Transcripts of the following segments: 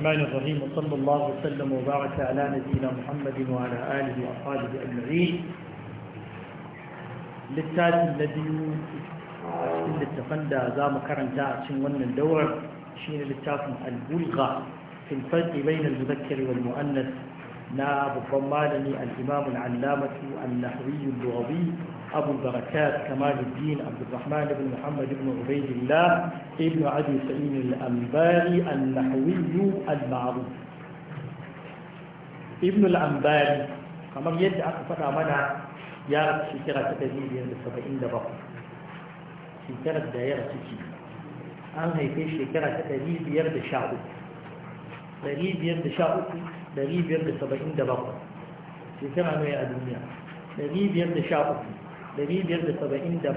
الرحمن الرحيم وصلى الله وسلم وبارك على نبينا محمد وعلى آله وأصحابه أجمعين للتالي الذي للتفندى زام كرنتا عشان الدور شين للتافن البلغة في الفرق بين المذكر والمؤنث ناب الضمالني الإمام العلامة النحوي اللغوي أبو البركات كمال الدين عبد الرحمن بن محمد بن عبيد الله ابن أبي سعيد الأنباري النحوي المعروف ابن الأنباري كما يدعى فتا منع يا شكرة تدريب عند السبعين دبقى شكرة دائرة تجيب an haife shekara ta ɗari biyar da sha uku, ɗari biyar da sha uku, ɗari biyar da saba'in da bakwai, shekara mai a duniya ɗari biyar da sha uku. dari biyar da saba'in da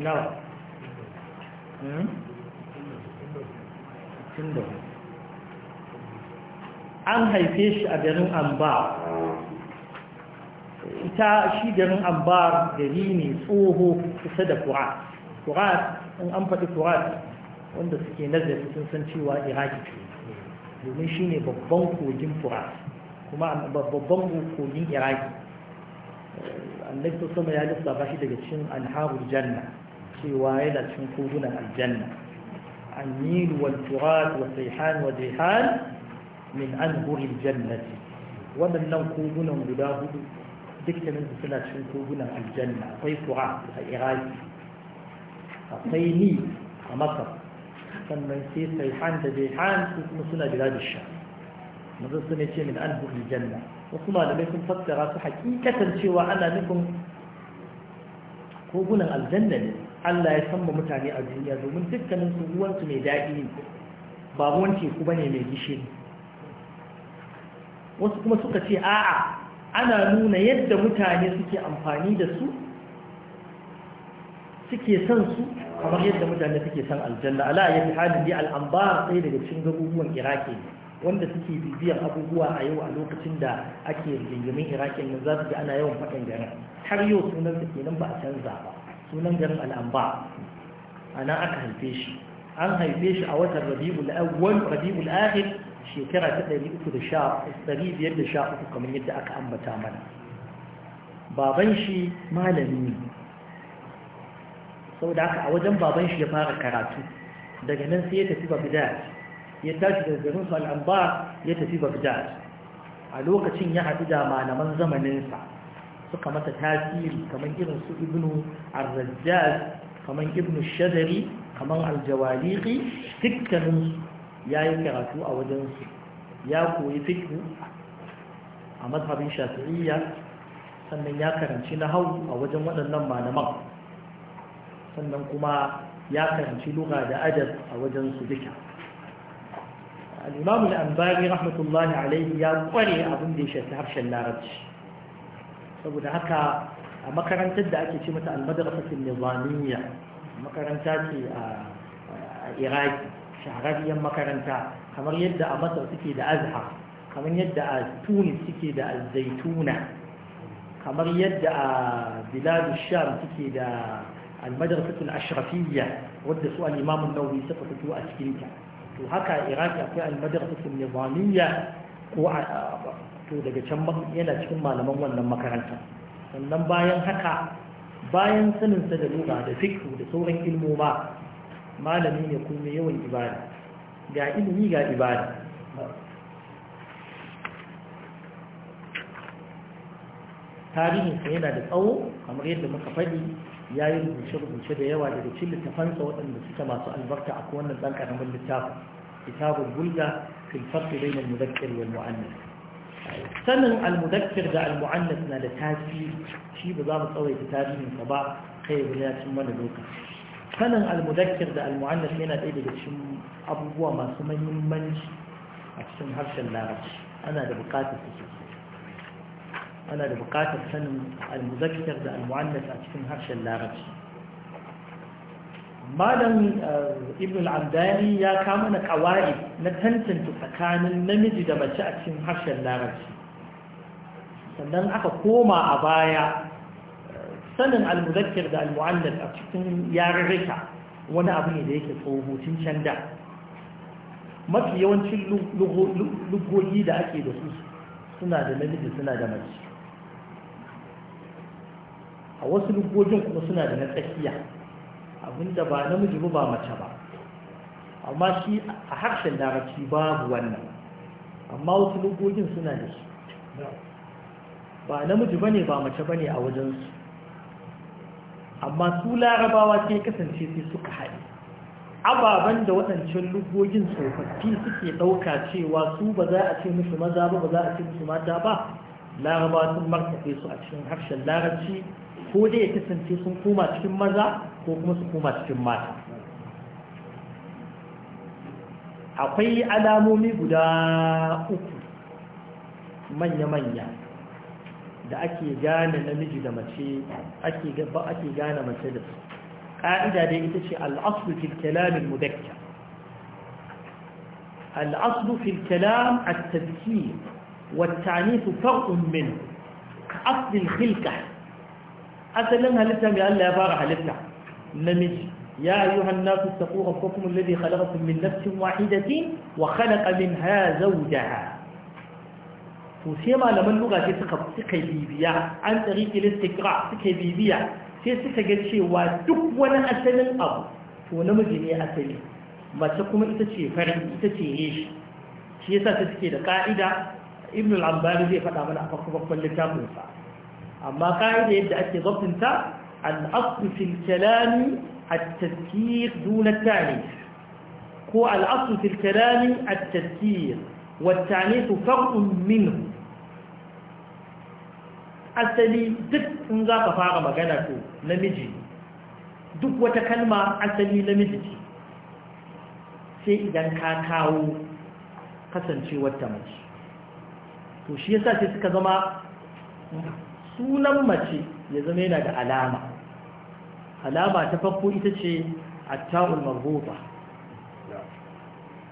nawa hmm? an haife shi a garin ambar ita shi garin ambar gari ne tsoho kusa da kurat kurat in an faɗi kurat wanda suke nazari sun san cewa iraki ce domin shi ne babban kogin kurat kuma babban kogin iraki annabi sama ya lissafa shi daga cikin alharul janna cewa yana cikin kogunan aljanna annil wal turat wa sayhan wa jihan min anhuril jannati waɗannan kogunan guda hudu da su suna cikin kogunan aljanna akwai turat a iraki akwai ni a masar sannan sai sayhan da jihan su kuma suna biladun sha mazan su ce min anhuril jannati wasu malamai sun fassara su hakikatan cewa ana nufin kogunan aljanna ne Allah ya san mutane a duniya domin dukkanin su ruwansu mai daɗi ne ba ruwan teku ne mai gishiri wasu kuma suka ce a'a ana nuna yadda mutane suke amfani da su suke son su kamar yadda mutane suke son aljanna ala ya fi halin dai al'ambar sai daga cikin garuruwan iraki ne wanda suke bibiyar abubuwa a yau a lokacin da ake rigingimin iraƙin nan za su ji ana yawan faɗin garin har yau sunan da kenan ba a canza ba sunan garin al'amba a nan aka haife shi an haife shi a watan rabi'ul awwal rabi'ul akhir shekara ta 313 kamar yadda aka ambata mana baban shi malami ne saboda haka a wajen baban shi ya fara karatu daga nan sai ya tafi babida ya tashi daga garin su al'ambar ya tafi bagdad a lokacin ya haɗu da malaman zamaninsa suka mata tasiri kamar irin su ibnu arzajjaz kamar ibnu shadari kamar aljawaliki dukkanin ya yi karatu a wajensu ya koyi fikin a mazhabin shafi'iyya sannan ya karanci na hau a wajen waɗannan malaman sannan kuma ya karanci lura da adab a wajen su duka al'imamu al'ambari rahmatullahi alaihi ya kware abin da ya shafi harshen larabci saboda haka a makarantar da ake ce mata almadrasatin nizamiyya makaranta ce a iraki shahararriyar makaranta kamar yadda a masar suke da azhar kamar yadda a tunis suke da zaituna kamar yadda a biladu sham suke da almadrasatul ashrafiyya wadda su al'imamun nauyi suka fito a cikinta to haka a iraki akwai almadrasatul nizamiyya ko a to daga can yana cikin malaman wannan makaranta sannan bayan haka bayan saninsa da nuna da fikhu da sauran ilmoma malami ne kuma yawan ibada ga ilimi ga ibada tarihinsa yana da tsawo kamar yadda muka faɗi ya yi rubuce-rubuce da yawa daga cikin littafansa waɗanda suka masu albarka a wannan ɗan ƙaramin littafin kitabul bulga fil farqi bainal mudakkir wal mu'annas sanin al mudakkir da al mu'annas na da tasiri shi ba za mu tsawaita tarihin ka ba kai ba ya cin mana doka. sanin al mudakkir da al mu'annas yana ɗaya daga cikin abubuwa masu muhimmanci a cikin harshen larabci ana da buƙatar su ana da buƙatar sanin almuzakkar da almuannas a cikin harshen larabci malam eh, ibn al-amdani ya kama na ƙawa'id na tantance tsakanin namiji da mace a cikin harshen larabci sannan aka koma a baya eh, sanin almuzakkar da almuannas a cikin yarurruka wani abu ne da yake tsohocin canda mafi yawancin lugogi da ake da su suna da namiji suna da mace a wasu lubbojin kuma suna da na tsakiya abinda ba namiji ba ba mace ba amma shi a harshen larabci babu wannan amma wasu lubbojin suna da shi ba namiji ba ne ba mace ba ne a wajensu amma su larabawa sai kasance sai suka haɗe ababen da waɗancan lugogin tsofaffi suke ɗauka cewa su ba za a ce musu maza ba ba za a ce musu mata ba larabawa sun martafe su a cikin harshen larabci ko dai ya kasance sun koma cikin maza ko kuma su koma cikin mata akwai alamomi guda uku manya-manya da ake gane namiji da mace ake gaba ake gane mace da su ƙa'ida dai ita ce al'aslu fil kalamin mudakkar al'aslu fil kalam at-tadhkir wa at-ta'nith farqun min asl al-khilqah asalin halitta mai Allah ya fara halitta namiji ya ayyuhan nasu taqu rabbakum alladhi khalaqakum min nafsin wahidatin wa khalaqa minha zawjaha to sai malaman lugha sai suka suka bibiya an tsariki listiqra suka bibiya sai suka ga cewa duk wani asalin abu to namiji ne asali mace kuma ita ce farin ita ce yeshi shi yasa ta suke da ka'ida ibn al-ambari zai faɗa mana a farko littafinsa amma ka'ida yadda ake zabtinta al'asu fil a at-tazkir dun at ko al'asu fil a at-tazkir ne su tanif far'un asali duk in za ka fara magana to namiji duk wata kalma asali namiji ce sai idan ka kawo kasancewar ta mace to shi yasa sai suka zama sunan mace ya zama yana da alama alama ta farko ita ce atta'ul marbuta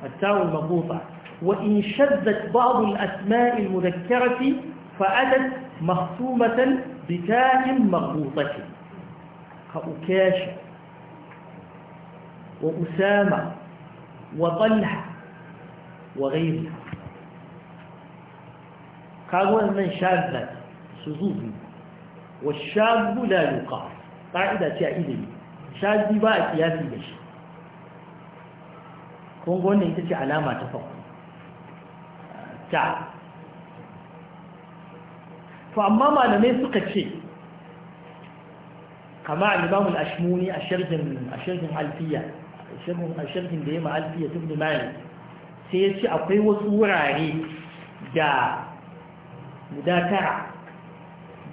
atta'ul marbuta wa in shaddat ba'd al-asma' al-mudhakkarati fa adat mahsumatan bi ta'in marbutati ka ukash wa usama wa talha wa ghayriha kago wannan shaddat Su suzuzi wa shazu la yuqas ka'ida ce a ilimi shazi ba a kiyasi da shi kun wannan ita ce alama ta farko ta to amma malamai suka ce kama al-imam al-ashmuni a sharhin a sharhin alfiya a sharhin da yema alfiya tun limani sai ya ce akwai wasu wurare da guda tara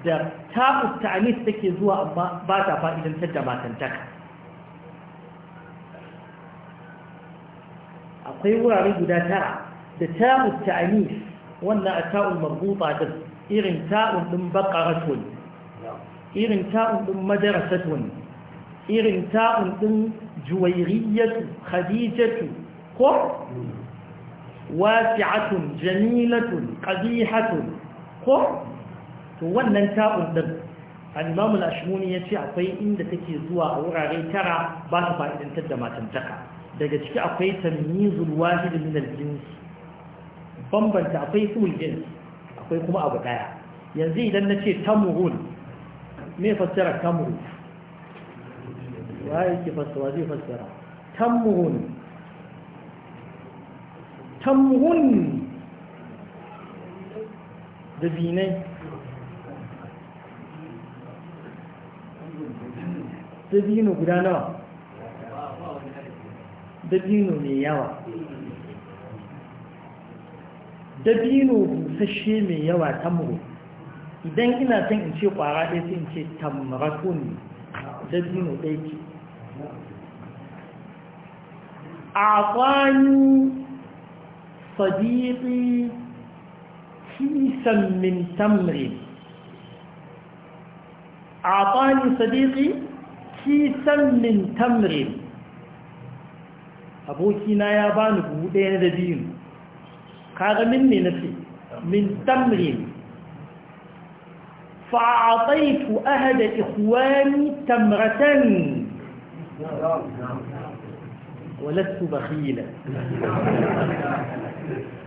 da ta'ud ta'anis take zuwa amma ba ta fa'idantar da matantaka akwai wurare guda tara da ta'ud ta'anis wannan a ta'ul marbuta da irin ta'un din baqaratun irin ta'un din madrasatun irin ta'un ɗin juwairiyatu khadijatu ko hmm. wasi'atun jamilatun qadihatu ko to wannan ta'un din al-imam al ya ce akwai inda take zuwa a wurare tara ba ta fa'idantar da matantaka daga ciki akwai tamyizul wahid min al bambanta akwai ismul jins akwai kuma abu daya yanzu idan na ce tamrun me fassara tamrun waye ke fassara zai fassara tamrun tamrun da binai dabino guda nawa dabino mai yawa dabino busasshe mai yawa tamro idan ina son in ce kwara ɗaya sai in ce tamratun dabino ɗaya ce a kwanu sadiƙi kisan min tamrin a kwanu sadiƙi كيسا من تمر أبوكي نايابان بودين ذبين كاغ مني نفسي من تمر فأعطيت أهد إخواني تمرة ولست بخيلا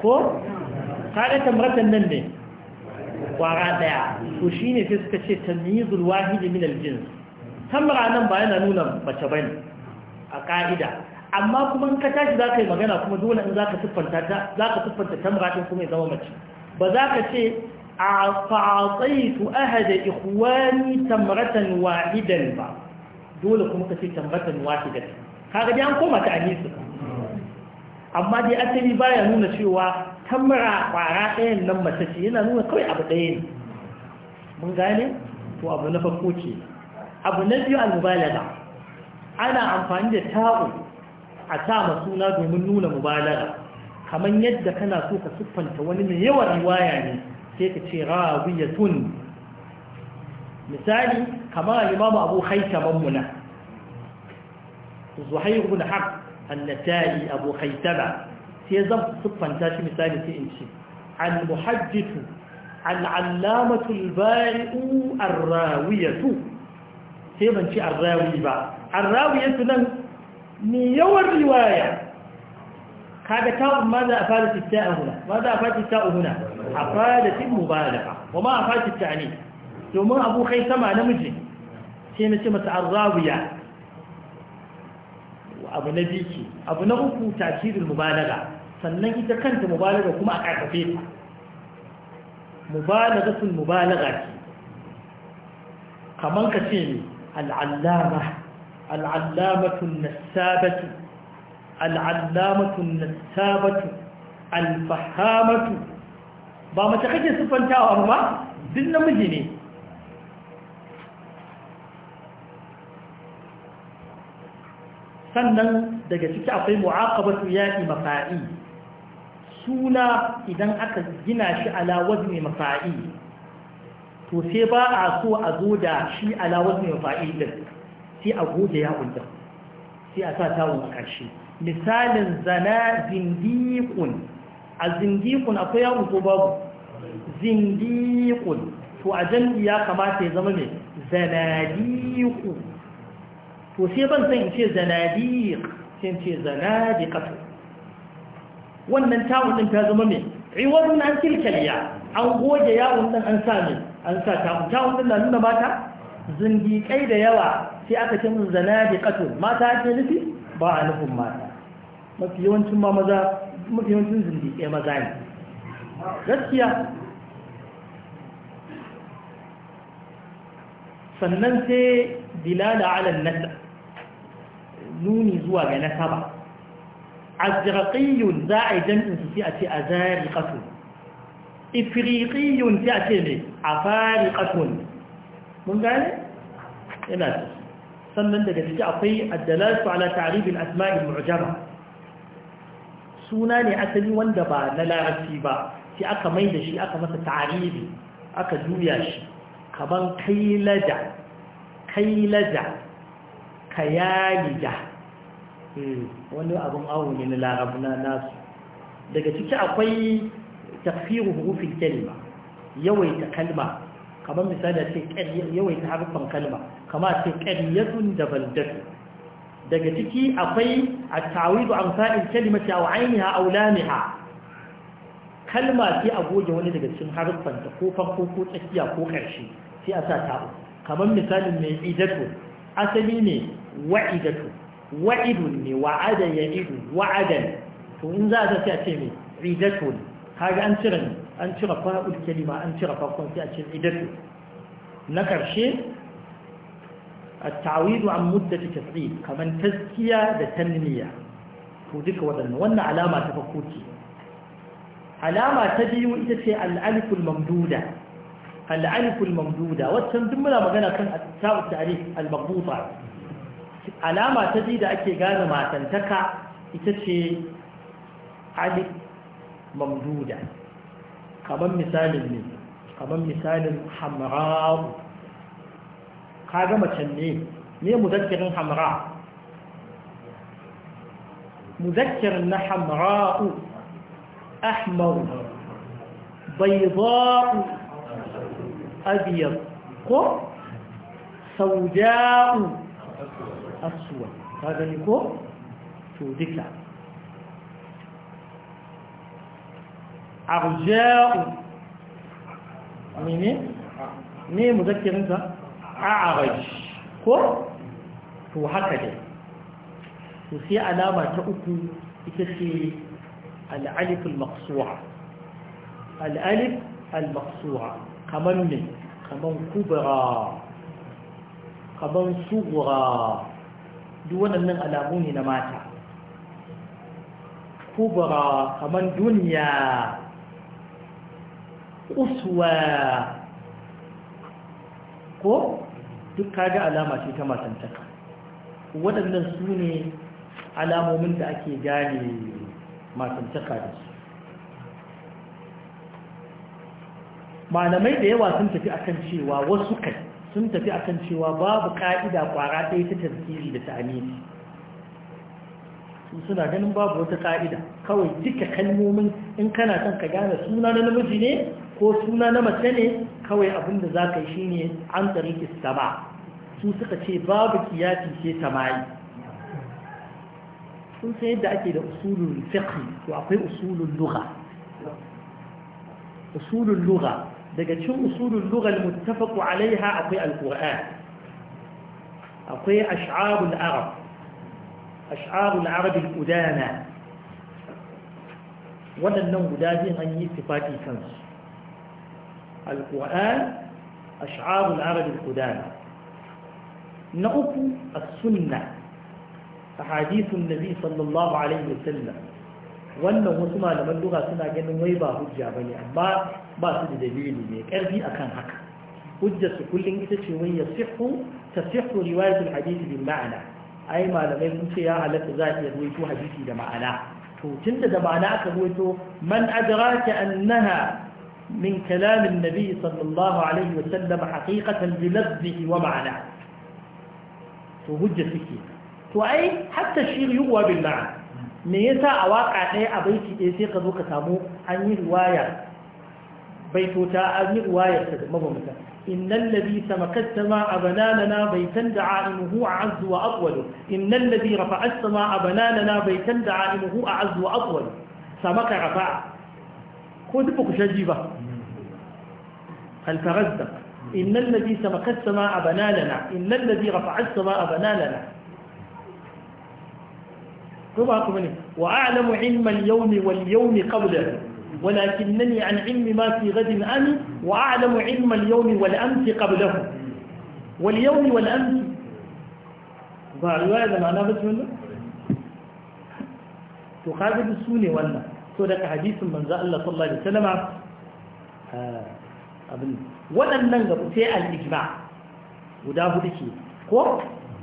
كو قال تمرة نمي وغادا وشيني تسكتي تمييز الواحد من الجنس Tamara nan ba yana nuna mace ba ne a ƙa'ida amma kuma in ka tashi zaka yi magana kuma dole in za ka siffanta ta zaka siffanta tamra ɗin kuma ya zama mace ba za ka ce a fa'aitu ahada ikhwani tamratan wahidan ba dole kuma ka ce tamratan wahidan kaga dai an koma ta anisu amma dai asali baya nuna cewa tamra kwara ɗayan nan mace ce yana nuna kawai abu ɗaya ne mun gane to abu na farko ce abu na biyu al-mubalaga ana amfani da ta'u a sama suna domin nuna mubalaga kamar yadda kana so ka siffanta wani mai yawan riwaya ne sai ka ce rawiyatun misali kamar imamu abu haitaman muna zuhair ibn haq annata'i abu haitara, sai zan siffanta shi misali sai in ce al-muhaddithu al-allamatu al-bari'u ar-rawiyatu sai ban ci arrawi ba arrawi yasu nan ni yawan riwaya kaga ta ma za a fara titta a huna ma za a fara titta a huna a fara tin mubalaga wa ma a fara titta ne domin abu kai sama namiji sai na ce masa arrawiya abu na biki abu na uku tasirin mubalaga sannan ita kanta mubalaga kuma a karfafe ta mubalagatul mubalaga ce kaman ka ce ne العلامة العلامة النسابة العلامة النسابة الفهامة ba mace kake siffantawa ba duk namiji ne sannan daga ciki akwai mu'aqabatu ya'i mafa'i suna idan aka gina shi ala wazni mafa'i to sai ba a so a zo da shi ala wasu mai fa'ilin sai a goge ya ƙunta sai a sa tawon a ƙarshe misalin zana zindikun. a zindikun akwai ya ko babu Zindikun. to a jam'i ya kamata ya zama mai zanadiku. to sai ban san in ce zanadik, sai in ce zanadiƙatu wannan tawon ɗin ta zama mai riwarin an tilkaliya an goge yawon ɗin an sa mai an sa tamu ta wannan na nuna mata zindiƙai da yawa sai aka ce mun zana da ƙato mata ake nufi ba a nufin mata mafi yawancin ma maza mafi yawancin zindiƙai maza ne gaskiya sannan sai dilala ala nasa nuni zuwa ga nasaba azraqiyun za a yi jam'in su sai a ce azariqatu ifriqiyun sai a ce ne afariqatun mun gane yana sannan daga ciki akwai addalatu ala ta'rib al-asma'i al suna ne asali wanda ba na larabci ba sai aka mai da shi aka masa ta'ribi aka juya shi kaman kailada kailada kayalija hmm, wani abun awo ne na larabci na nasu daga ciki akwai takfiru hurufin kalima. yawaita kalma kamar misali ce ƙaryatun da baldatu daga ciki akwai a tawidu amsalin kalimata a ainiha a wulamiha kalma sai a goge wani daga cikin haruffanta ko farko ko tsakiya ko karshe sai a sa ta'u kamar misalin mai idatu asali ne wa'idatu wa'idun ne wa'ada ya idu wa'adan to in za a sai a ce mai idatun kaga an cire an cire fa'ul kalima an cire farkon sai a cin idatu na ƙarshe a tawidu an muddat taf'il kaman tazkiya da tanmiya to duka wadannan wannan alama ta farko alama ta biyu ita ce al mamduda al mamduda wannan duk muna magana kan at-ta'u ta'rif al-maghbuta alama ta biyu da ake gane matantaka ita ce alif ممدودة كمان مثال من كمان مثال حمراء هذا ما تنين مين مذكر حمراء مذكر ان حمراء احمر بيضاء ابيض قر سوداء اسود هذا يكون ذكر arja'u mene ne muzakkirinsa a'araj ko to haka dai to sai alama ta uku ita ce al'alif al-maqsu'a al'alif al-maqsu'a kaman ne kaman kubra kaman sughra duk waɗannan alamu ne na mata kubra kaman duniya uswa ko duk kaga alama ce ta matantaka waɗannan su ne alamomin da ake gane matantaka da su malamai da yawa sun tafi akan cewa wasu kai sun tafi akan cewa babu ka'ida kwara ɗaya ta tafsiri da ta'amini suna ganin babu wata ka'ida kawai duka kalmomin in kana son ka gane suna na namiji ne ko suna na mace ne kawai abinda da za ka yi shi ne an tsariki sama su suka ce babu kiyafi ce samayi sun sai yadda ake da usulun fiqh to akwai usulun lugha usulun lugha daga cikin usulun lugha muttafaqu alaiha akwai alquran akwai ash'arul arab ash'arul arab al-udana waɗannan guda biyan an yi tifati kansu القرآن أشعار العرب القدامى نعف السنة أحاديث النبي صلى الله عليه وسلم wannan wasu malaman lura suna ganin wai ba hujja ba ne amma ba su da dalili mai ƙarfi akan haka hujjar su kullum ita ce wai ya sihu ta sihu riwayatul hadisi bin ma'ana ai malamai sun ce ya halatta za a iya ruwaito hadisi da ma'ana to tunda da ma'ana aka ruwaito man adraka annaha من كلام النبي صلى الله عليه وسلم حقيقة بلفظه ومعناه وهجة سكي وأي حتى الشيء يقوى بالمعنى me yasa a waka ɗaya a baiti ɗaya sai ka zo ka samu an yi riwaya baitota an yi riwayar ta mabamta innal ladhi samakat samaa bananana baitan da'imuhu a'azz wa atwal innal ladhi rafa'a wa ko ba هل ترزق إن الذي سبق السماء بنا لنا إن الذي رفع السماء بنا لنا وأعلم علم اليوم واليوم قبله ولكنني عن علم ما في غد أمي وأعلم علم اليوم والأمس قبله واليوم والأمس رواية ما بس منه تخاذب السوني ولا سورة حديث من ذا الله صلى الله عليه وسلم آه. waɗannan gaba sai al’ijma guda hudu ke ko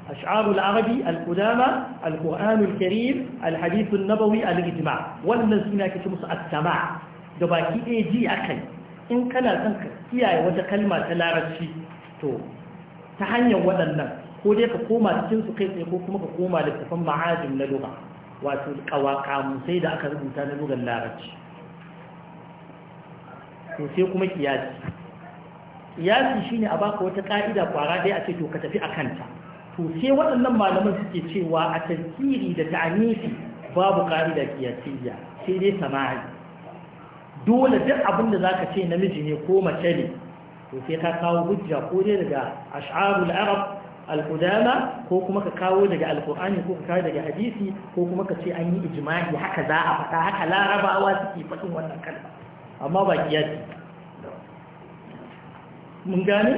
a sha’arul arabi al’udama al’uranul al alhadisun nabawi al’ijma wannan suna kisa musu attama da baki aj a kai in kana son ka kiyaye wata kalma ta larabci to ta hanyar waɗannan ko dai ka koma cikin su kai tsaye ko kuma ka koma littafin ma'ajin na luga wato kawakamusai da aka rubuta na lugar laraci. to sai kuma kiyasi kiyasi shine a baka wata ka'ida kwara dai a ce to ka tafi a kanta to sai waɗannan malaman suke cewa a tafsiri da ta'anifi babu ka'ida kiyasiyya sai dai samari dole duk abin da zaka ce namiji ne ko mace ne to sai ka kawo hujja ko dai daga ash'arul arab al-qudama ko kuma ka kawo daga alqur'ani ko ka kawo daga hadisi ko kuma ka ce an yi ijma'i haka za a faɗa haka larabawa suke faɗin wannan kalma amma ba kiyasi mun gane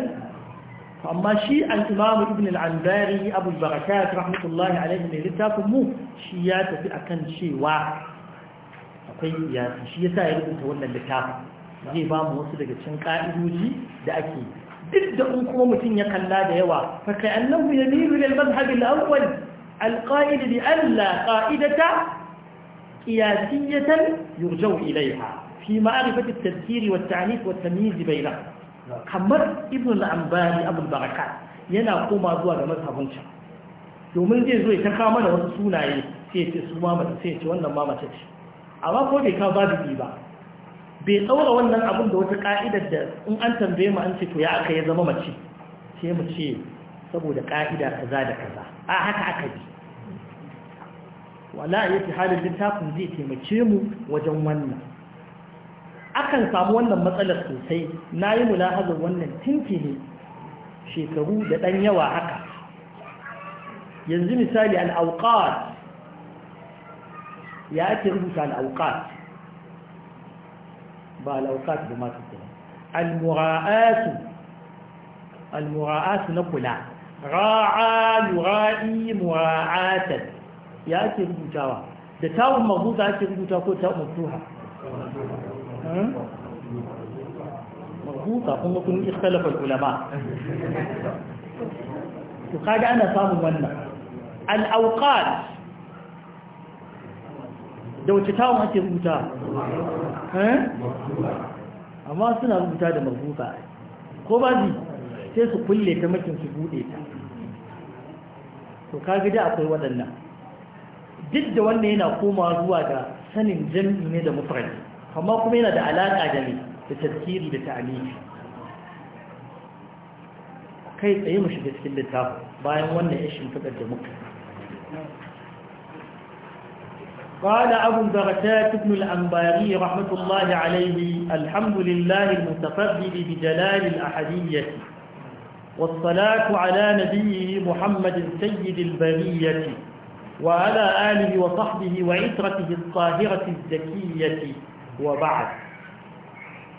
amma shi al-imamu ibn al-anbari abu barakat rahmatullahi alaihi mai littafin mu shi ya tafi akan cewa akwai kiyasi shi yasa ya rubuta wannan littafin zai ba mu wasu daga cin ka'idoji da ake duk da un kuma mutum ya kalla da yawa fa kai annahu yamilu lil madhhab al-awwal al-qa'id bi an la qa'idata qiyasiyatan yurja'u ilayha في معرفة التذكير والتعنيف والتمييز بينهم kamar ibn al'ambari abin baraka yana koma zuwa ga mazhabinsa domin zai zo ya ta kama da wasu sunaye sai ce su ce wannan mamata ce amma ko bai kawo babu ba bai saura wannan abin da wata ka'idar da in an tambayi mu an ce to ya aka ya zama mace sai mu ce saboda ka'ida kaza da kaza a haka aka bi wala yake halin littafin zai taimake mu wajen wannan akan samu wannan matsalar sosai na yi mulahazar wannan ne. shekaru da ɗan yawa haka yanzu misali al'auƙar ya ake rubuta al'auƙar ba al'auƙar da masu kula al-mura'atu na kula ra'a yura'i mura'atar ya ake rubutawa da tawun mahuta ake rubuta ko tawun mafuha marbuta kuma kun ikhtalafa ulama to kaga ana samun wannan al-awqat da wace tawon ake rubuta eh? amma suna rubuta da marbuta ko ba sai su kulle ta mutum su bude ta to kaga da akwai waɗannan duk da wannan yana komawa zuwa ga sanin jami'i ne da mufradi amma kuma yana da alaƙa da ne da tafkiri da ta'alifi kai tsaye mu shiga cikin littafi bayan wannan ya fadar da muka قال أبو البغتات بن الأنباري رحمة الله عليه الحمد لله المتفرد بجلال الأحدية والصلاة على نبيه محمد سيد البرية وعلى آله وصحبه وعترته الطاهرة الزكية Wa وبعد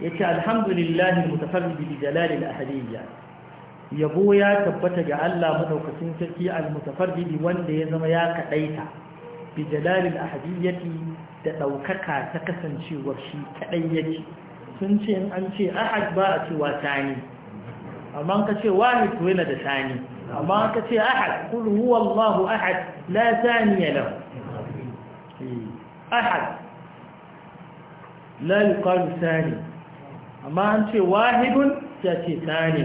يتي الحمد لله المتفرد بجلال الأهلية yabo ya tabbata ga Allah madaukakin sarki al-mutafarridi wanda ya zama ya kadaita bi jalalil ahadiyyati da daukaka ta kasancewar shi kadai yake sun ce an ce ahad ba a wa tani amma ka ce wahid to yana da tani amma ka ce ahad kul huwallahu ahad la taniya lahu eh, ahad la yuqalu sani amma an ce wahidun ya ce sani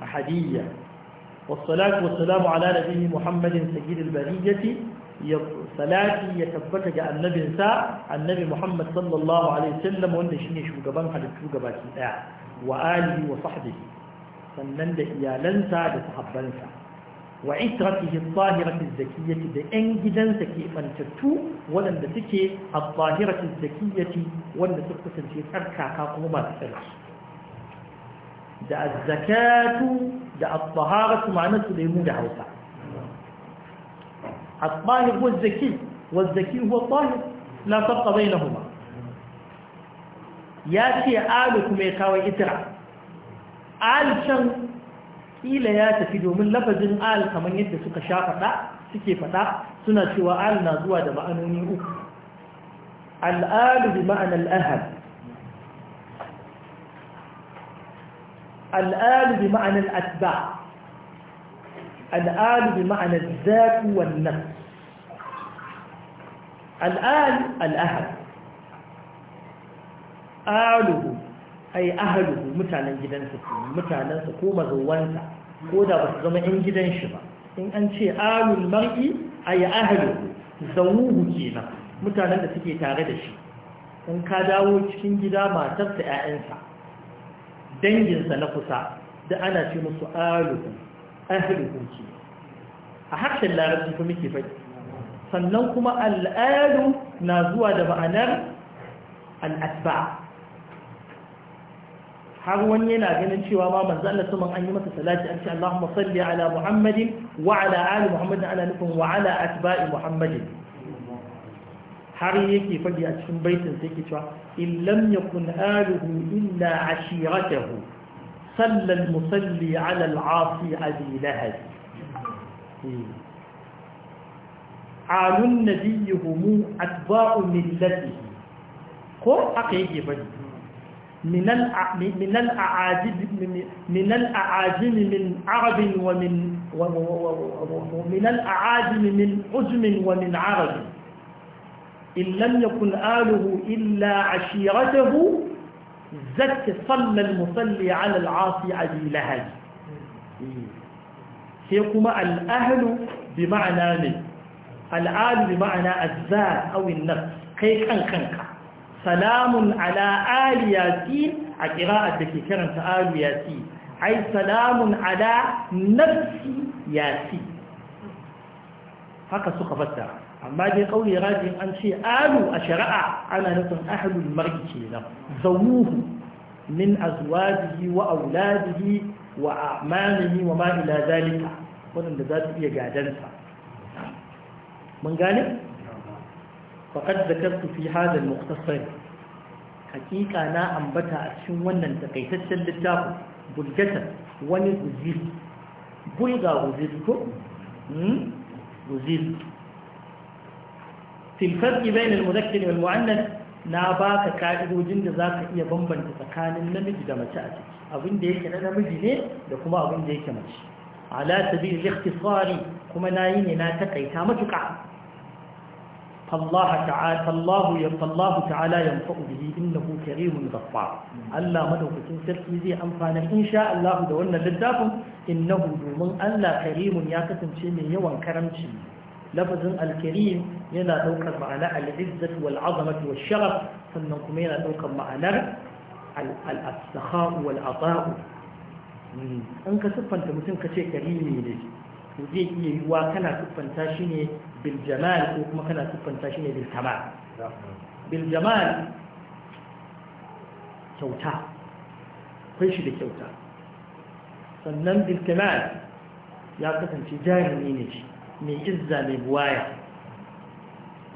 a hadiyya والصلاة والسلام على نبيه محمد سيد البرية salati ya tabbata ga annabinsa annabi Muhammad sallallahu alaihi wasallam wanda shine shugaban halittu gabaki ɗaya wa alihi wa sahbihi sannan da iyalansa da sahabbansa wa isratihi al-zahirati al-zakiyyati da yan gidansa ke fantattu waɗanda suke al-zahirati al-zakiyyati wanda suka kasance tsarkaka kuma masu tsarki da azzakatu da al-taharatu ma'anarsu da mu da Hausa al-zahir huwa al-zaki wal-zaki huwa al-zahir la farqa bainahuma ya ce alu kuma ya kawo itira alcan kila ya tafi domin lafazin al kamar yadda suka sha faɗa suke faɗa suna cewa al na zuwa da ma'anoni uku al'alu bi ma'anar ahal al'alu bi ma'anar asba al'alu bi ma'anar zafi wannan al'al al'ahal aluhu ai ahalu mutanen gidansa ke mutanensa ko mazawansa ko da ba su zama 'yan gidan shi ba in an ce alul mar'i ai ahalu zawuhu kenan mutanen da suke tare da shi in ka dawo cikin gida matar matarsa 'ya'yansa danginsa na kusa da ana ce musu aluhu ahalu ke a harshen larabci ko muke faɗi sannan kuma al'adu na zuwa da ma'anar al'asba har wani yana ganin cewa ma manzo Allah sama an yi masa salati an ce Allahumma salli ala Muhammadin wa ala ali Muhammadin ana nufin wa ala atba'i Muhammadin har yake fadi a cikin baitin sai yake cewa in lam yakun aluhu illa ashiratahu salla al-musalli ala al-asi abi lahab hmm. alun nabiyyi atba'u millatihi ko haka yake fadi من الأعاجم من الأعاجم من عرب ومن ومن الأعاجم من عجم ومن عرب إن لم يكن آله إلا عشيرته زك صلى المصلي على العاصي عدي لهب سيكما الأهل بمعنى من الآل بمعنى الذات أو النفس كيف كان salamun ala ali yasin a ƙira'ar da ke karanta ali yasin ai salamun ala nafsi yasi haka suka fata amma dai kauli rajin an ce alu a shari'a ana nufin marki ke kenan zawuhu min azwajihi wa auladihi wa amanihi wa ma ila zalika wanda za su iya gadansa mun gane faƙad da karku fi hadar muktasari hakika na ambata a cikin wannan takaitaccen littafin bulgata wani guzir bulga guzir ko hmm? guzir tilfarki bayan al-mudakkir wal mu'annas na ka ka'idojin da za ka iya bambanta tsakanin namiji da mace a ciki abin da yake na namiji ne da kuma abin da yake mace ala sabilil ikhtisari kuma na yi ne na takaita matuƙa فالله تعالى فالله فالله تعالى ينفع به انه كريم Allah الله مدوكتين سرقي زي امفانا ان شاء الله ده wannan littafin innahu domin Allah karimun ya kasance mai yawan karamci lafazin al-karim yana daukar ma'ana al-izzat wal azamat wal sharaf sannan kuma yana daukar ma'anar al-asakha wal ataa in ka siffanta mutum kace karimi ne to zai iya yiwa kana siffanta shi ne بالجمال وكما كان أتفن تشيني بالكمال نعم. بالجمال كوتا كيش دي كوتا فنن بالكمال يا تفن تجاه مينيش مي إزا مي بوايا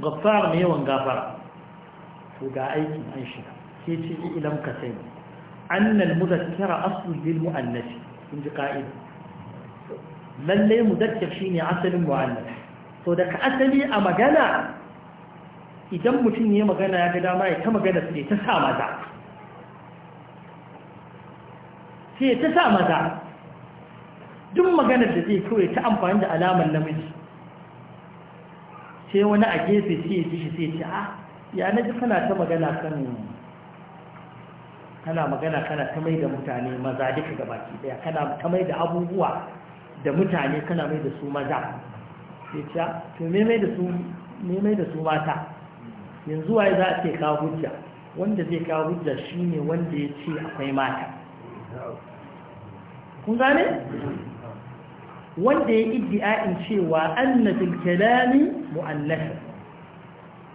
غفار مي وانغفار وقا أيكي مانشي كيتي إلم كسين أن المذكرة أصل للمؤنس من دقائد من لي مذكر شيني عسل معنس so daga asali a magana idan mutum ya magana ya ga dama ya ta magana su ne ta sa maza sai ta sa maza duk maganar da zai kawai ta amfani da alamar namiji sai wani a gefe sai ya shi sai ce a ah, ya na ji kana ta magana kan kana magana kana ta mai da mutane maza duka gabaki daya kana ta mai da abubuwa da mutane kana mai da su maza sai to da su mata yanzu waye za a ce kawo hujja wanda zai kawo hujja shine wanda ya ce akwai mata kun gane wanda ya cewa annabil kalami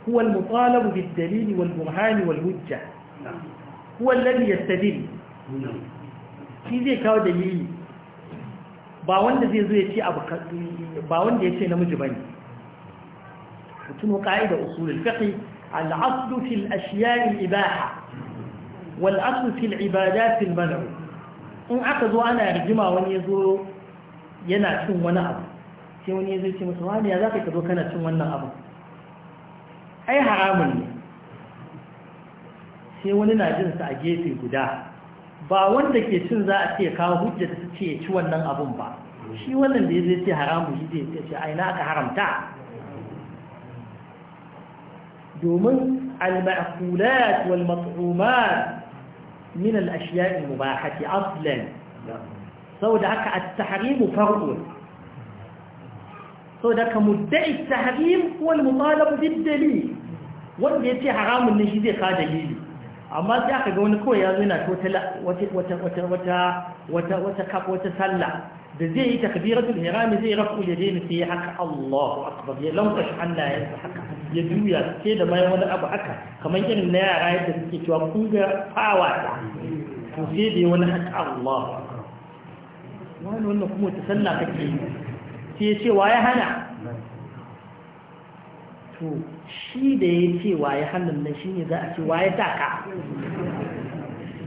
mutalabu wal wal-hujja hmm. shi zai kawo dalili ba wanda zai zo ya ce abu ba wanda ya ce namiji bane mutum ka'ida usulul fiqh al-aslu fil ashiya'i al-ibaha wal aslu fil ibadat al-man'u in aka zo ana rigima wani yazo yana cin wani abu sai wani yazo ce masa wani ya zaka ka zo kana cin wannan abu ai haramun ne sai wani na jin sa a gefe guda ba wanda ke cin za a ce kawo hujja da ce ya ci wannan abun ba shi wannan da ya zai ce haramu shi zai ce aina aka haramta domin al-ma'kulat wal mat'umat min al-ashiya' al-mubahati aslan saboda haka at-tahrim far'un saboda haka mudda'i at-tahrim wal mutalab bid-dalil wanda ya ce haramun ne shi zai ka dalili amma sai ka ga wani kawai ya zo yana wata wata sallah da zai yi takbiratul hirami zai rafu ya daina sai ya haka Allahu akbar ya lankwashe hannayensa haka ya duya sai da bayan wani abu haka kamar irin na yara yadda suke cewa kun ga fawa ta to sai da wani haka Allahu akbar wani wannan kuma wata sallah kake yi sai ya ce wa ya hana to shi da ya ce waye hannun nan shi ne za a ce waye taka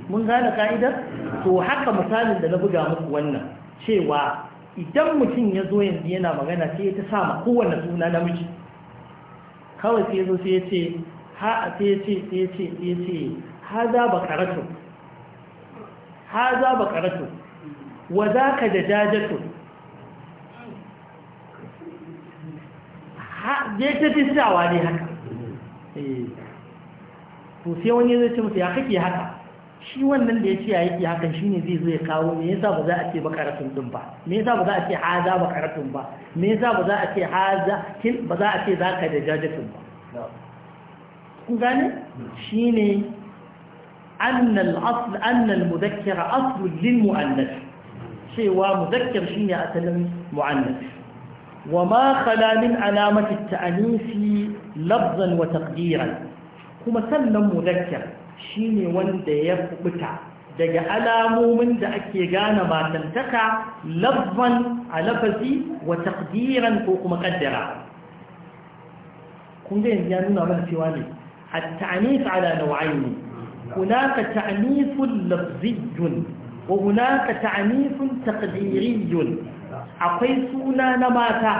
mun gane ka'idar to haka misalin da na buga muku wannan cewa idan mutum ya zo yanzu yana magana sai ya ta sama kowane suna namiji kawai sai ya zo sai ya ce ha sai ya ce sai ya ce sai ya ce ha za ba karatu ha za ba karatu wa za ka da jajatu je ta fistawa ne haka eh. to sai wani zai ce mutu ya kake haka shi wannan da ya ce ya yake hakan shi ne zai zo ya kawo me yasa ba za a ce bakaratun din ba me yasa ba za a ce haza bakaratun ba me yasa ba za a ce haza kin ba za a ce ka da jajatun ba kun gane shi ne أن الأصل أن المذكر أصل للمؤنث سوى مذكر شيء أتلم مؤنث wama khalamin alamatin ta'anisi lafzan wa taqdiran kuma sannan mudakkar shine wanda ya kubuta daga alamomin da ake gane matantaka lafzan alafazi wa taqdiran ko kuma qaddara kun ga yanzu ya ne at-ta'anis ala naw'ayn hunaka ta'anisun lafziyyun wa hunaka ta'anisun taqdiriyyun akwai suna na mata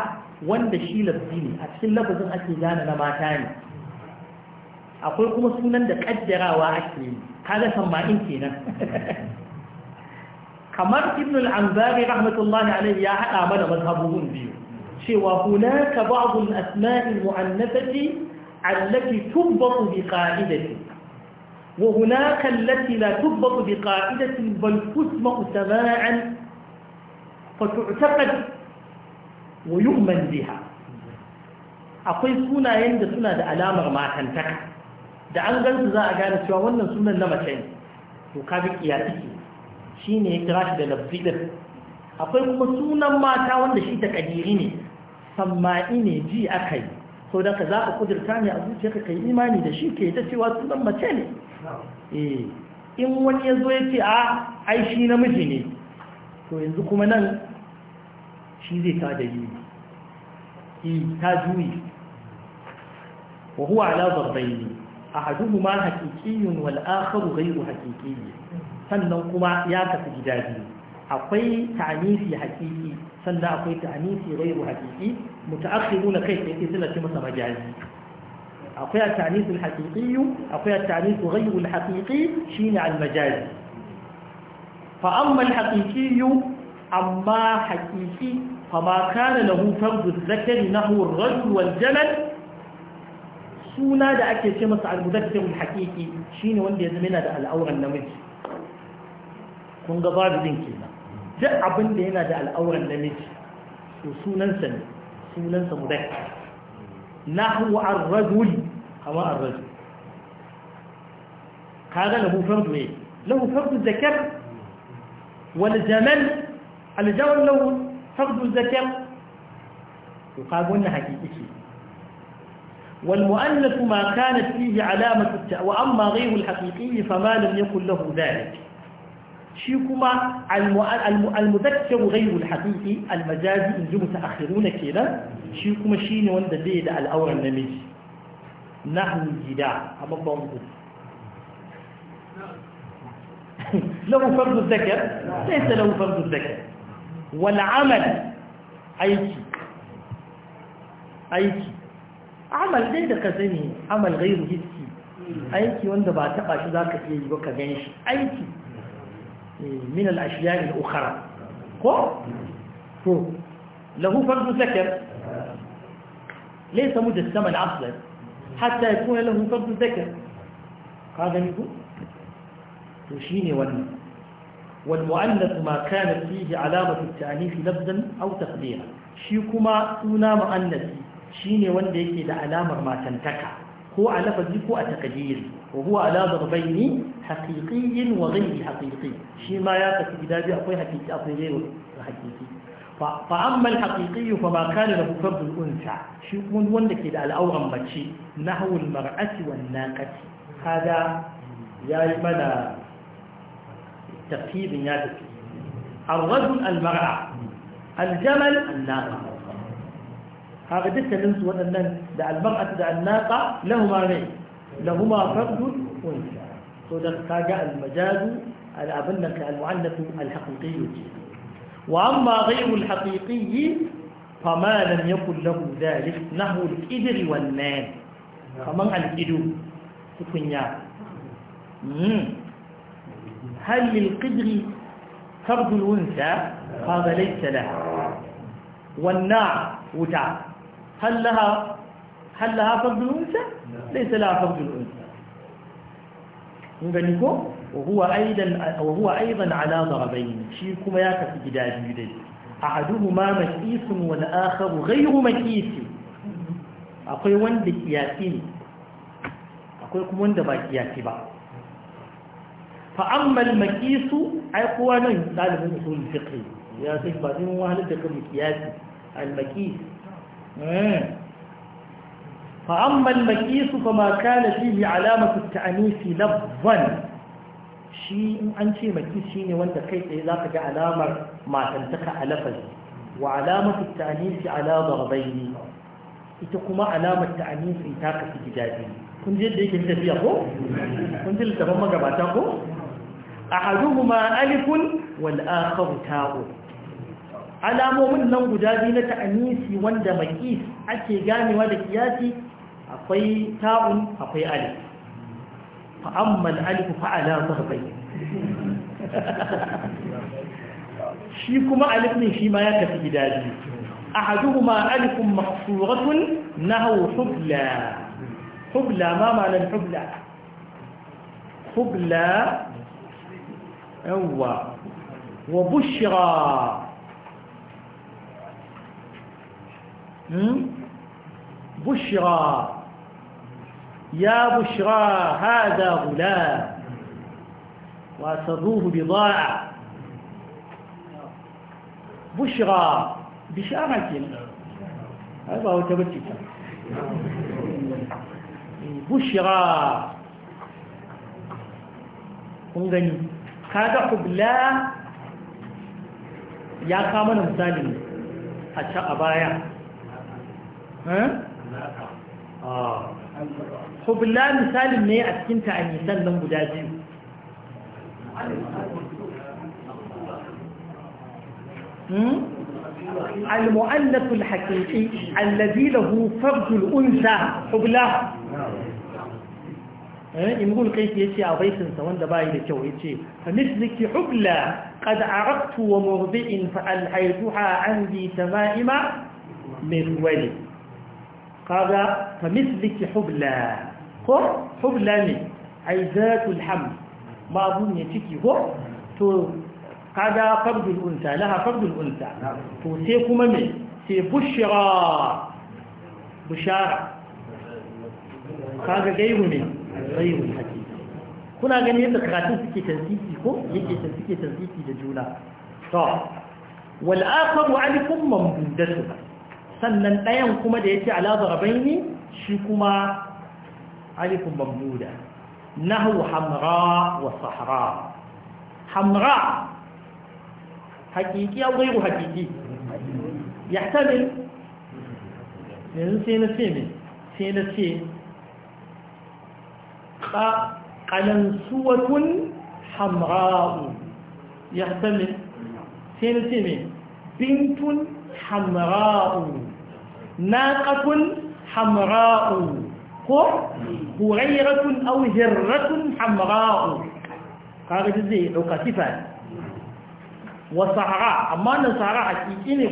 wanda shi lafzi ne a cikin lafazin ake gane na mata ne akwai kuma sunan da kaddarawa ake yi kaga samma'in kenan kamar ibn al-anzari rahmatullahi alaihi ya haɗa mana mazhabun biyu cewa hunaka ba'd al-asma' al-mu'annathati allati tubbaqu bi qa'idati wa hunaka allati la tubbaqu bi qa'idatin bal فتعتقد ويؤمن بها akwai sunayen da suna da alamar matantaka da an gansu za a gane cewa wannan sunan na mace ne to ka bi kiyasi shi ne ya kira shi da lafzidar akwai kuma sunan mata wanda shi ta kadiri ne samma'i ne ji aka yi sau da ka za ka kudurta ne a zuciyarka ka imani da shi ke ta cewa sunan mace ne in wani ya zo ya ce a ai shi namiji ne to yanzu kuma nan shi zai ta da yi e, ta juyi wa huwa ala zarbaini ahaduhuma haqiqiyyun wal akharu ghayru haqiqiyyi sannan kuma ya kasu gida biyu akwai ta'anisi haƙiƙi sannan akwai ta'anisi ghayru haqiqi muta'akhiruna kai sai suna ce masa majazi akwai ta'anisi haqiqi akwai ta'anisi ghayru haƙiƙi shine al almajazi. haƙiƙi فأما الحقيقي أما حقيقي فما كان له فرد الذكر نحو الرجل والجمل suna da ake ce masa al haƙiƙi shi ne wanda ya zama yana da al'auran namiji kun ga babu din kenan duk abin da yana da al'auran namiji to sunansa ne sunansa sa Na nahwu ar-rajul hawa ar-rajul kaga lahu fardu ne lahu fardu zakar والجمل الجمل لو فقد الزكاة يقابلنا حقيقة والمؤنث ما كانت فيه علامة وأما غير الحقيقي فما لم يكن له ذلك شيكما المذكر غير الحقيقي المجازي إن جمت أخرون كذا شيكما شيني وندبيد الأورى النميج نحن الجداع أما بمضي له فرض الزكاة ليس له فرض الزكاة والعمل أيكي أيكي عمل ليس كسنه عمل غير هسي أيكي وانت بعتقى شو ذاك يجبك جنش أيكي إيه، من الأشياء الأخرى هو هو له فرض الزكاة ليس مجسما أصلا حتى يكون له فرض الزكاة هذا يقول to shi ne wani walmu'allafu ma kanar fi ji alamatu ta'anifi lafzan auta fadera shi kuma suna mu'allafi shi ne wanda yake da alamar matantaka ko a lafazi ko a takajiyar ko kuwa alamar bai ne haƙiƙiyin wa zai yi haƙiƙi shi ma ya tafi gida biyu akwai haƙiƙi a fulgai wa haƙiƙi fa'ammal haƙiƙi yi fa ba da kufar bulunta shi kuma wanda ke da al'auran bace na hawan mar'ati wa naƙati kaga ya yi mana تقييد يا الرجل المرأة الجمل الناقة هذا دكا ننس وأنن دع المرأة دع الناقة لهما مين لهما فرد وإنسان صدر كاجا المجاز الأبنة المعنف الحقيقي وأما غير الحقيقي فما لم يكن له ذلك نحو الإدر والنان فمن الإدر سكنيا هل للقدر فرد الأنثى هذا ليس لها والنار وتع هل لها هل لها فرد الأنثى ليس لها فرد الأنثى مبنكو وهو أيضا وهو أيضا على ضربين شيء كما يكفي جداد جديد أحدهما مكيس والآخر غير مكيس أقول وند كياسي أقول كم وند باكياسي بقى فأما المكيس أي قوانا تعلم من أصول الفقه يا سيد بعدين هو أهل الفقه المكياسي المكيس فأما المكيس فما كان فيه علامة التأنيث لفظا shi in an ce maki shi ne wanda kai tsaye za ka ga alamar matantaka a lafazi wa alamatu ta'anisi bai ne, ita kuma alamar ta'anisi ta kasu gida biyu kun je da yake tafiya ko kun ji littafin magabata ko ahaduhuma alifun wal akhar ta'u alamomin nan guda biyu na ta'anisi wanda maqis ake ganewa da kiyasi akwai ta'un akwai alif fa amma al alif fa ala sahbi shi kuma alif ne shi ma ya tafi gida biyu أحدهما ألف محصورة نحو hubla حبلى ma معنى hubla hubla. أوى وبشرى بشرى يا بشرى هذا غلام وأسروه بضاعة بشرى بشارة هذا هو تبتك بشرى قل kaga kubla ya kama na misali a ca a baya kubla eh? ah. misalin ne a cikin ta'anisan nan guda biyu المؤنث الحقيقي الذي له فرد الأنثى حبلة إيه؟ يقول كيف يتي أضيس سوان دباي لكو يتي فمثلك حبلة قد عرقت ومرضئ فألحيتها عندي تمائم من ولي قال فمثلك حبلة هو من عيزات الحمل ما أظن يتكي هو قد فرد الأنثى لها فرد الأنثى تسيق ممي تبشرى بشارة قال غير منه ghairul hadith kuna ganin yadda karatun suke tansiki ko yake suke tansiki da juna to wal akharu alikum mamdudatu sannan ɗayan kuma da yake ala darabaini shi kuma alikum mamduda nahwu hamra wa sahra hamra haqiqi aw ghairu haqiqi yahtamil yanzu sai na ce ne sai na ce سوة حمراء يحتمل سين بنت حمراء ناقة حمراء هريرة أو هرة حمراء قال زي عكاتفة وصحراء أما أن صحراء حقيقي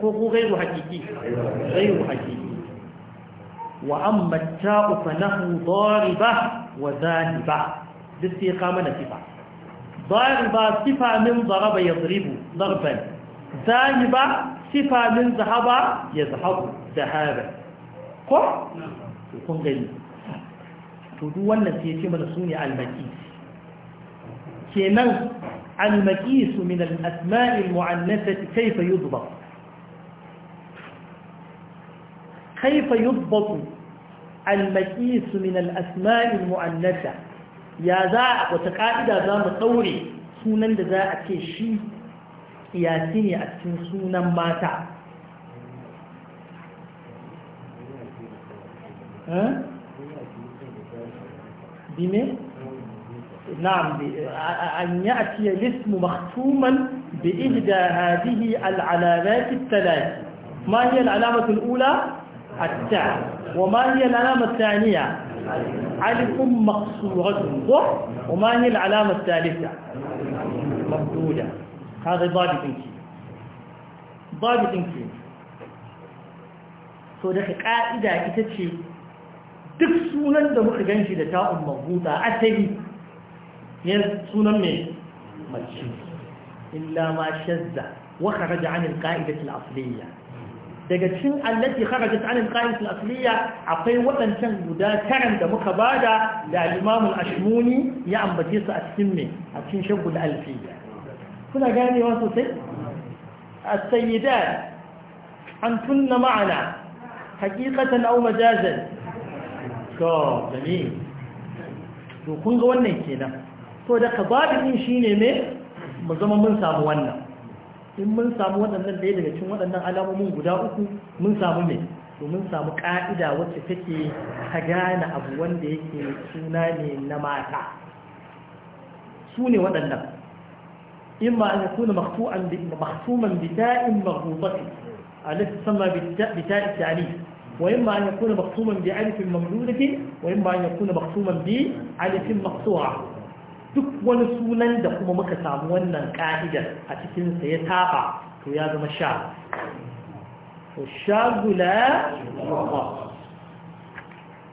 كو غير حقيقي غير حقيقي وأما التاء فله ضاربة wa zahiba duk sai ka mana sifa ضاربة صفة من ضرب يضرب ضربا sifa min zahaba ya zahabu ذهابا ko? kun gani duk wannan sai ce mana sune al-maqis kenan al-maqis min al-asma' al-mu'annathah kayfa yudbaq kayfa al-maqis min al-asma'i al-mu'annatha ya za a wata ka'ida za mu daure sunan da za a ce shi kiyasi ne a cikin sunan mata bime na'am an ya'ti al-ismu makhtuman bi ihda hadhihi al-alamat al-thalath ma ula التاء وما هي العلامة الثانية ألف مقصورة وما هي العلامة الثالثة مردودة هذا ضابط كيمي ضابط كيمي so daga ƙa'ida ita ce duk sunan da muka gan shi da ta'un mabuta asali ya sunan mai mace illa ma shazza wa kharaja an al-qa'idati al-asliyya daga cikin allati kharajat an al-qa'id al-asliya akwai wadancan guda taran da muka bada da Imam al-Ashmuni ya ambace su a cikin me a cikin shagul alfiya kuna ganewa sosai as-sayyidat an tunna ma'ana haqiqatan aw majazan to dani to kun ga wannan kenan to da kababin shine me mu zama mun samu wannan in mun samu waɗannan ɗaya daga cikin waɗannan alamomin guda uku mun samu ne to mun samu ƙa'ida wacce take ka gane abu wanda yake suna ne na mata su ne waɗannan in ma an yakuna mahfuman bida'in maghubati alif sama ta'i tani wa in ma an kuna maktuman bi alifin mamdudatin wa in ma an kuna maktuman bi alifin maqsu'a duk wani sunan da kuma muka samu wannan ka'idar a cikinsa ya taɓa to ya zama sha to sha gula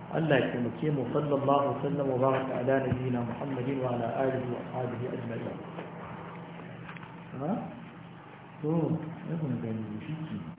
Allah ya taimake mu sallallahu sallam wa baraka ala nabiyina Muhammadin wa ala alihi wa ashabihi ajma'in ha to ya kun gani shi